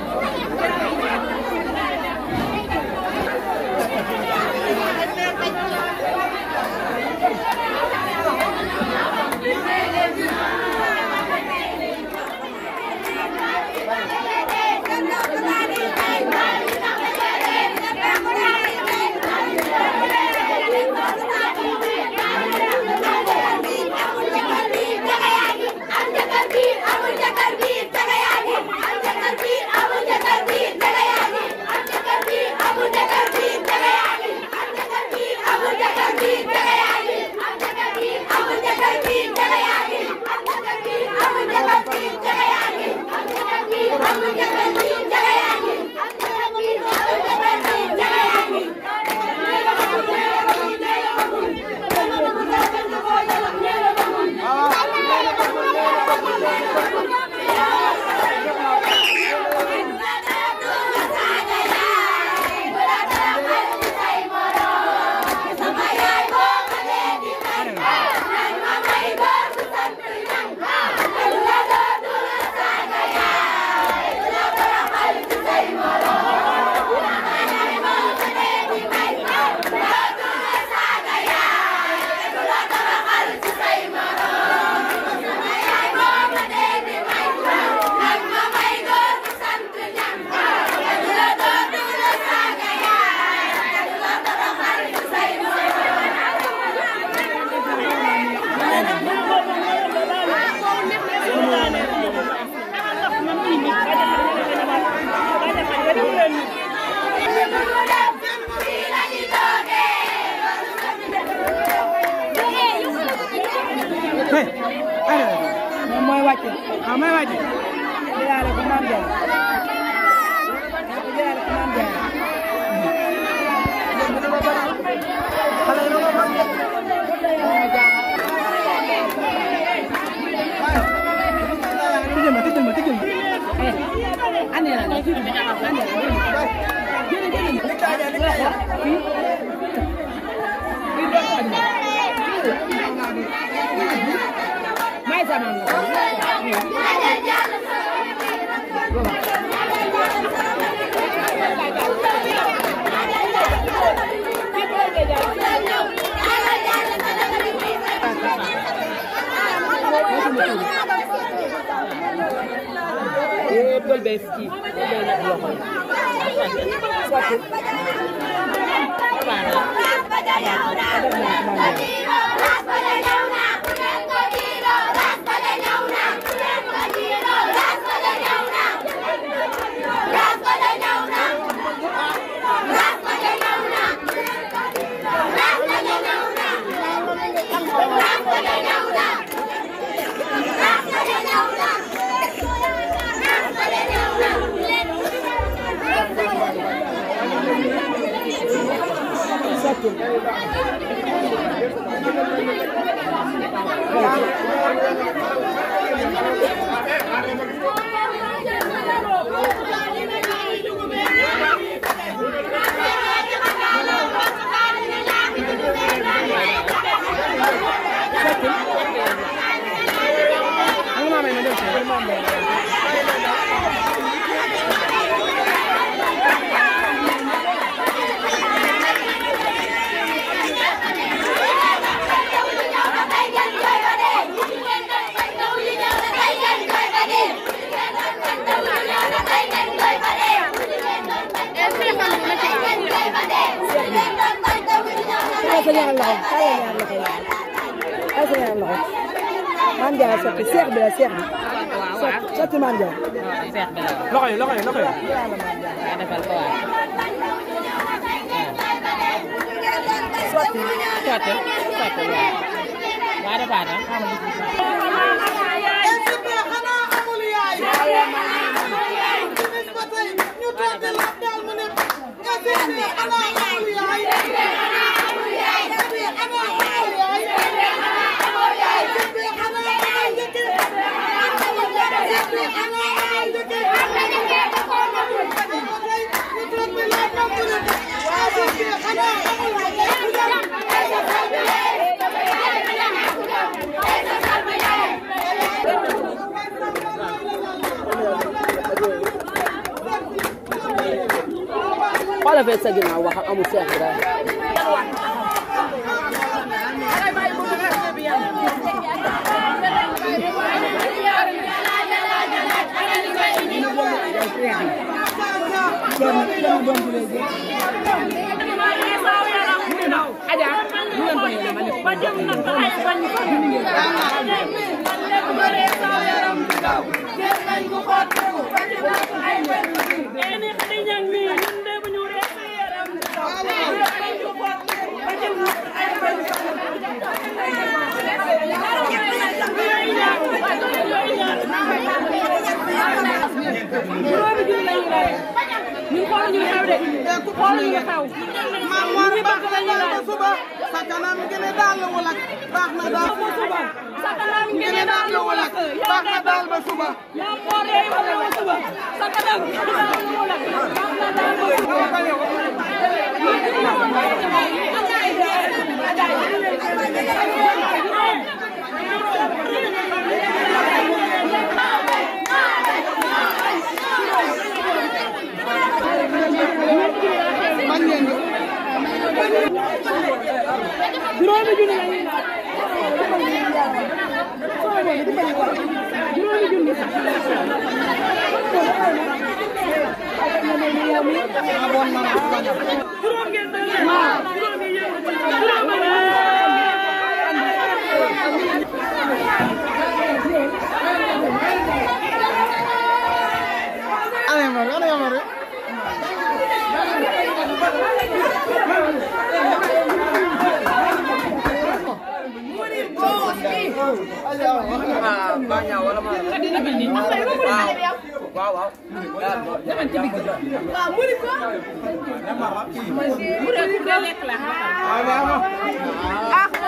Yeah. Dolbeski. Dolbeski. Come on, man. sa ñaar loxo xaaral ñaar loxo laal xaaral sa ñaar loxo maam Ndiaye sotti seex bi la seex bi. waaw sotti maam Ndiaye. seex bi la loxo yi loxo yi loxo yi. sotti sotti sotti waaw dafa ànd Yeah. xalafe sagina waxa amu seexira Ini keringan nih. Baax na daal ba suba Günaydın günü yayınlar. Günaydın günü. Kurum geldi. Aku mu ni ko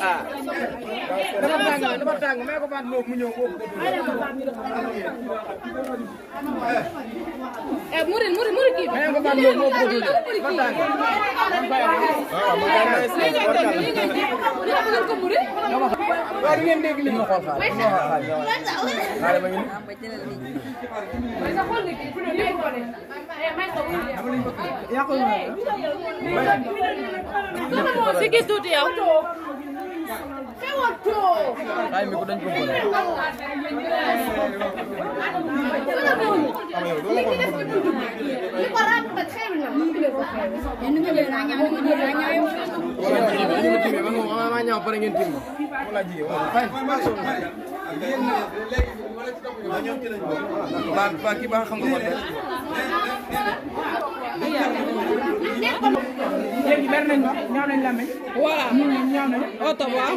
ah dafa tàng dafa tàng mais ko baat moom mu ñëw ko eh murid murid murid kii mais ko baat moom ko do dafa tàng waaw ngeen dégg li ñu xool xaar xaar ma ngi may sa xol ni ki fu ne ko ne may ko wu ya ko ma sigi tuuti yow ay mi ko dañ ko boole ma ñaaw pare ngeen tim wala ji wala fay ba ba ki ba xam nga mer nañ oto waaw.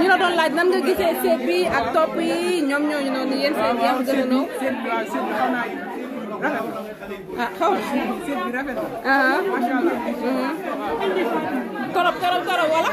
ñu la doon laaj nan nga gisee seet ak topp yi ñoom ñooñu noonu yéen seen yàqu gën a noo. ah xaw ma seet bi wala.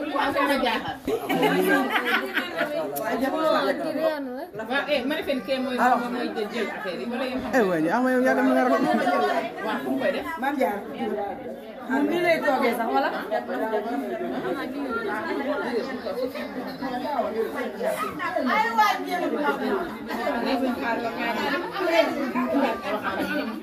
waaw ma ne fenn kee mooy mooy jël affaire yi wala yéen xam nga. ah ma yow yaa dem nga rafetlu. waaw fu mu koy def. maam jaar ñun nii lay toogee sax wala.